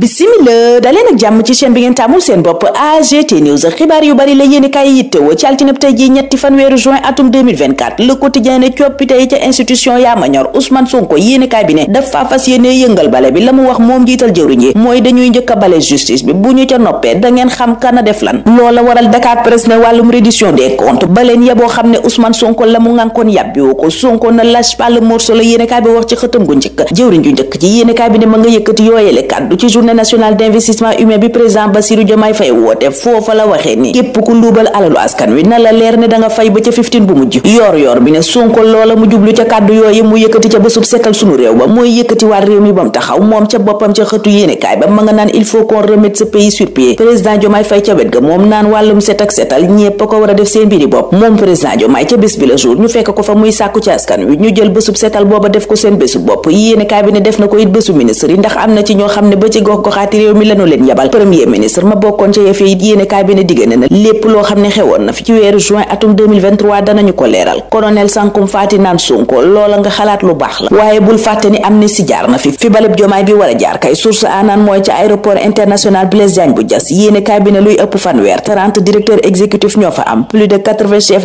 bisimila daleen ak jàmm ci chaîne bi ngeen tàmmul seen bopp AGT News xibaar yu bari la yéeni kaay yittewoo ci altinab tey ji institution yaa ma ñor Ousmane Sonko yéeni kaay bi ne dafa da ngeen xam kana def lan loola waral Dakar Presse ne wàllum reddition des comptes baleen yeboo xam ne Ousmane Sonko la mu ngànkoon yàbbiwu ko Sonko na lâche pas la yéeni bi wax ci xëtam gu njëkk jëwriñ ju njëkk ci yéeni bi ne ma nga yëkkati yooyele kàddu journée nationale d'investissement bi président Bassirou Diomaye Faye fay ca wet ga moom naan wàllum set ak setal ñépp a ko war a def seen mbiri bopp moom président Diomaye ca bés bi la jour ñu fekk ko fa muy sàkku ci askan wi ñu jël bésub setal booba def ko seen bésu bopp yéenekaay bi ne def na ko it ministre yi ndax am na ci ñoo xam ne ba ci gox-goxaati réew mi lanu leen yabal premier ministre ma bokkoon ca yëf yi yéene kaay bi na lépp loo xam ne xewoon na fi ci weeru juin atum 2023 danañu ko leeral colonel Sankum Faati naan Sonko loola nga xalaat lu baax la waaye bul fàtte ni am ni si jaar na fi fi baleb jomaay bi war a jaar kay source aanaan mooy ca aéroport international Blaise Diagne bu Diass yéene kaay luy ëpp fanweer 30 directeur exécutif ñoo fa am plus de 80 chef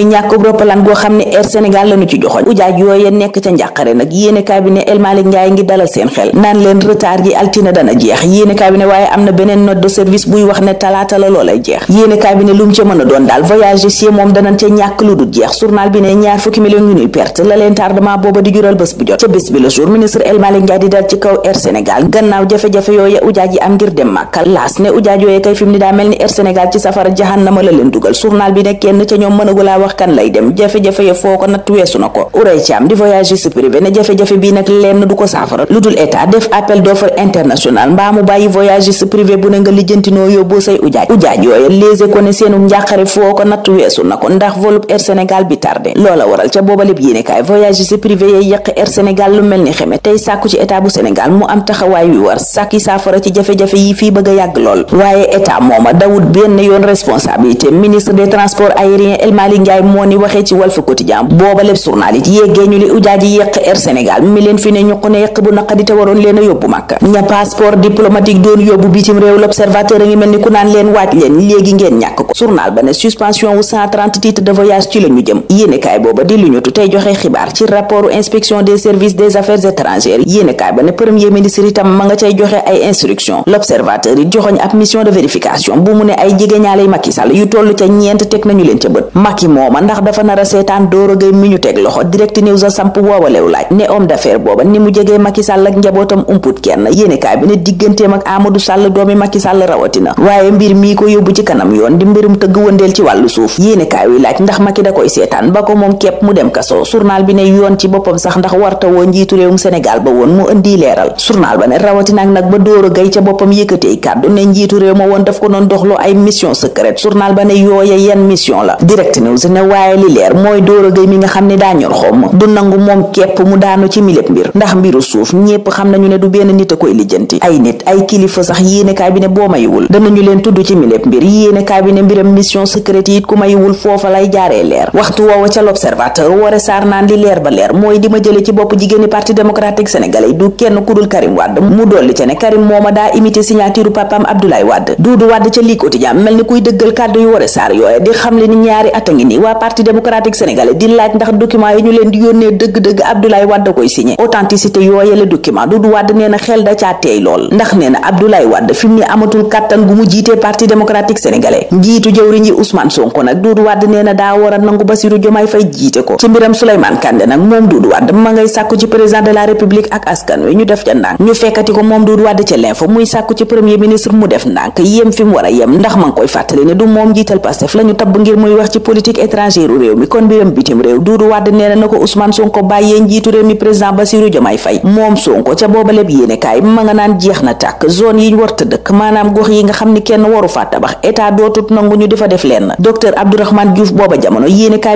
mooy ñàkkub roppalaan goo xam ne Air Sénégal lañu ci ca a ñàkk lu dul jeex journal bi ne ñaar fukki million yu ñuy perte la leen tardement booba di jural bu jot ca bés bi le jour ministre El Malick di dal ci kaw Air Sénégal gannaaw jafe-jafe yooye ujaaj yi am ngir dem màkkal laas ne ujaaj yooye kay fi ni daa mel ni Air Sénégal ci safara jahannama la leen dugal journal bi ne kenn ca ñoom mën agulaa wax wax kan lay dem jafe-jafe ya foo ko natt weesu na ko Houreye Thiam di bi tardé loola waral ca boobalib yéenekaay voyagiste privé yay yàq Air Sénégal lu mel ni xeme tey sàkku ci état bu Sénégal mu am taxawaay yi fi bëgg a yàgg lool waaye état mooma dawut benn yoon responsabilité ministre des transports aériens El Malick Ndiaye moo ni waxee ci Walf Quotidien booba lépp journal yi yéggee ñu li ujaaji yéq Air Sénégal mi leen fi ne ñu ne yéq bu naqadi te waroon leen yóbbu màkk ña yu toll ca ñeent teg nañu leen ca bët Macky moom xawma ndax dafa nar a seetaan Doro Gueye mi ñu teg loxo direct news a samp woowalew laaj ne homme d'affaires booba ni mu jegee Macky Sall ak njabootam umput kenn yéenekaay bi ne digganteem ak Amadou Sall doomi Macky sàll rawatina waaye mbir mii ko yóbbu ci kanam yoon di mbirum tëgg wëndeel ci wàllu suuf yéenekaay wi laaj ndax Macky da koy seetaan ba ko moom képp mu dem kaso journal bi ne yoon ci boppam sax ndax warta woon njiitu réewum Sénégal ba woon mu indi leeral journal ba ne rawatina ak nag ba Doro ca boppam yëkkatey kàddu ne njiitu réew ma woon daf ko doon doxloo ay mission secrète journal ba ne la direct na waaye li leer mooy Doro Gueye mi nga xam ne daa ñor xomm du nangu moom képp mu daanu ci milép mbir ndax mbiru suuf ñépp xam nañu ne du benn nit a koy lijjanti ay nit ay kilifa sax yéenekaay bi ne boo mayiwul danañu leen tudd ci milép mbir yéenekaay bi ne mbiram mission secrète yi it ku mayiwul foofa lay jaaree leer waxtu a ca l'observateur ware saar naan li leer ba leer mooy di ma jële ci bopp jigéeni parti démocratique sénégalais du kenn ku dul Karim Wade mu dolli ca ne Karim mooma daa imité signature papam Abdoulaye Wade Doudou Wade ca lii quotidien mel ni kuy dëggal kàddu yu ware saar yooye di xam le ni ñaari at a ngi waa démocratique sénégalais di laaj ndax document yi ñu leen di yónnee dëgg-dëgg Abdoulaye Wade koy signé authenticité yooye la document Doudou Wade nee xel da caa lool ndax nee na Abdoulaye Wade fi amatul kàttan gu mu jiitee parti démocratique sénégalais njiitu jëwriñ yi Ousmane Sonko nag Doudou Wade nee daa war a nangu Bassirou Diomaye Faye jiite ko ci mbiram Souleymane Kandé nag moom Doudou Wade ma ngay sàkku ci président de la république ak askan étrangère u réew mi kon mbiram bitim réew Doudou Wade nee na na ko Ousmane Sonko bàyyee njiitu réew mi président Bassirou Diomaye Faye moom Sonko ca boobaleb yéenekaay ma nga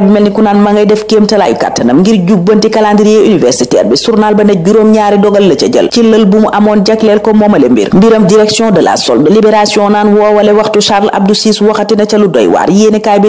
bi mel ni ku naan ma ngay def kéemtalaayu kàttanam ngir jubbanti calendrier universitaire bi journal ba ne juróom-ñaari dogal la ca jël ci lël bu mu amoon jagleel ko moomale mbir mbiram direction de la solde libération naan woowale waxtu Charles Abdou Ciss waxati ca lu doy waar yéenekaay bi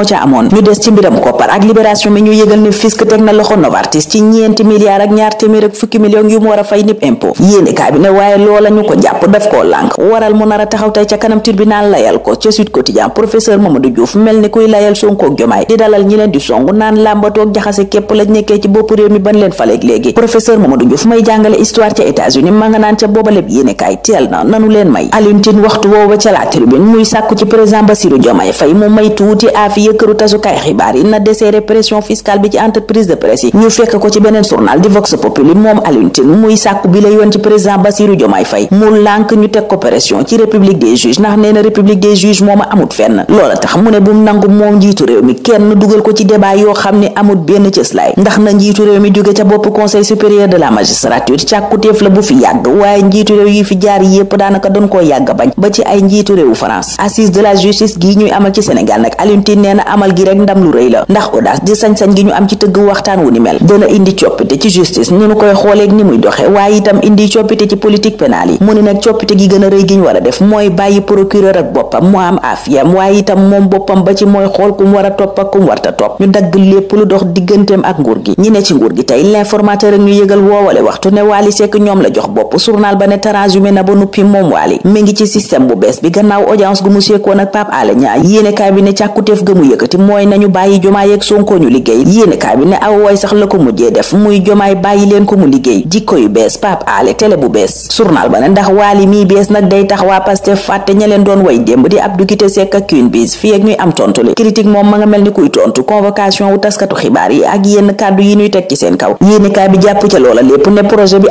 moo ca amoon ñu des ci mbiram koppar ak libération mi ñu yëgal ne fisc teg na loxo Novartis ci ñeenti milliards ak ñaar téeméer ak fukki millions yu mu war a fay nib impôt yéene bi ne waaye loola a naan làmbatoog jaxase képp lañ nekkee ci bopp réew mi ban leen faleeg léegi professeur Mamadou Diouf may jàngale histoire ca États-Unis ma nga naan ca boobaleb yéene kaay teel na nanu leen may Alioune waxtu woowa ca la tribune muy sàkku ci président Bassirou yee këru tasukaay xibaar yi na desserrer pression fiscale bi ci entreprise de presse ñu fekk ko ci beneen journal di Vox Populi moom Alioune muy sàkku bi la yoon ci président Bassirou Diomaye Faye mu lànk ñu teg ko pression ci république des juges ndax nee na république des juges mooma amut fenn loola tax mu ne bu nangu moom njiitu réew mi kenn dugal ko ci débat yoo xam ne amut benn cëslaay ndax na njiitu réew mi jóge ca bopp conseil supérieur de la magistrature càkkutéef la bu fi yàgg waaye njiitu réew yi fi mën a amal gi rek ndam lu rëy la ndax audace di sañ-sañ gi ñu am ci tëgg waxtaan wu ni mel dana indi coppite ci justice ni koy xooleeg ni muy doxe waaye itam indi coppite ci politique pénale yi mu ne coppite gi gën a a a na ba nuppi moom Wally mi ngi ci système bu bees bi gannaaw audience gu mu sekkoon ak Pape Alé Niang yéene bi ne càkkuteef gëmu yëkkati mooy nañu bàyyi jomaay ak sonko liggéey yéenekaay bi ne aw woy sax la ko mujjee def muy jomaay bàyyi leen ko mu liggéey jikko yu bees Pape Alé bu bees journal ba ne ndax waali mii bees nag day tax waa Pastef fàtte ña doon way démb di Abdou Guité Seck ak Queen Biz fii ak ñuy am tontu li critique moom ma nga mel ni kuy tontu convocation wu taskatu xibaar yi ak yenn kàddu yi ñuy teg ci seen kaw yéenekaay bi jàpp ca loola lépp ne projet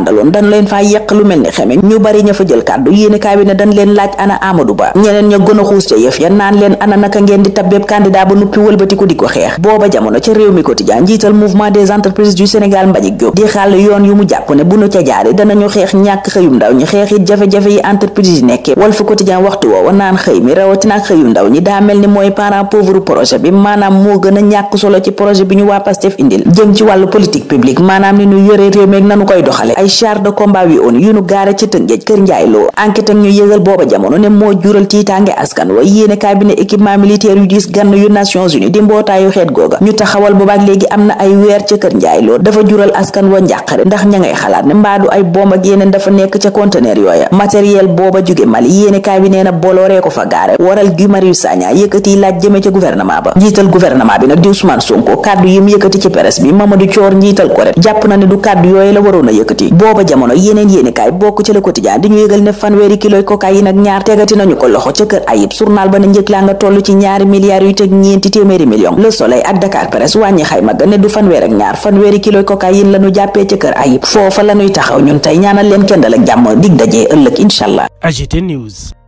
àndaloon dañ leen faa yeq lu mel ni xeme ñu bari ña fa jël kàddu yéenekaay bi ne dañ leen laaj ana Amadou Ba ñeneen ña gën a xuus ca yëf ya naan leen ana naka ngeen di tabbeeb candidat ba nuppi wëlbatiku di ko xeex booba jamono ca réew mi quotidien njiital mouvement des entreprises du Sénégal Mbagnick Diop di xàll yoon yu mu jàpp ne bu nu ca jaare danañu xeex ñàkk xëyum ndaw ñi xeex it jafe-jafe yi entreprise yi nekkee Walf Quotidien waxtu woowa a ñàkk char de combat wi oon yu nu gaare ci tëngeej kër njaay loo enquête ñu yëgal booba jamono ne moo jural tiitaange askan wa yéene cabinet équipement militaire yu diis gann yu nations unies di mbootaayu xeet googa ñu taxawal boobaak léegi am na ay weer ca kër njaay dafa jural askan wa njàqare ndax ña xalaat ne mbaadu ay bomb ak yeneen dafa nekk ca conteneur yooya matériel booba jóge mali yéene kaay bi na bolooree ko fa gaare waral Guy Marius Sagna yëkkati ba njiital gouvernement bi nag di Ousmane Sonko bi Mamadou Thior booba jamono yeneen yéenekaay bokk ci Le Quotidien di ñu yëgal ne fanweeri kiloy cocaïne ak ñaar tegati nañu ko loxo ca kër ayib journal ba ne njëkk laa nga toll ci ñaari milliards yu teg ñeenti téeméeri million Le Soleil ak Dakar Presse wàññi xayma ga ne du fanweer ak ñaar fanweeri kiloy cocaïne lañu jàppee ca ayib foofa lañuy taxaw ñun tey ñaanal leen kendal ak jàmm dig dajee ëllëg incha allah News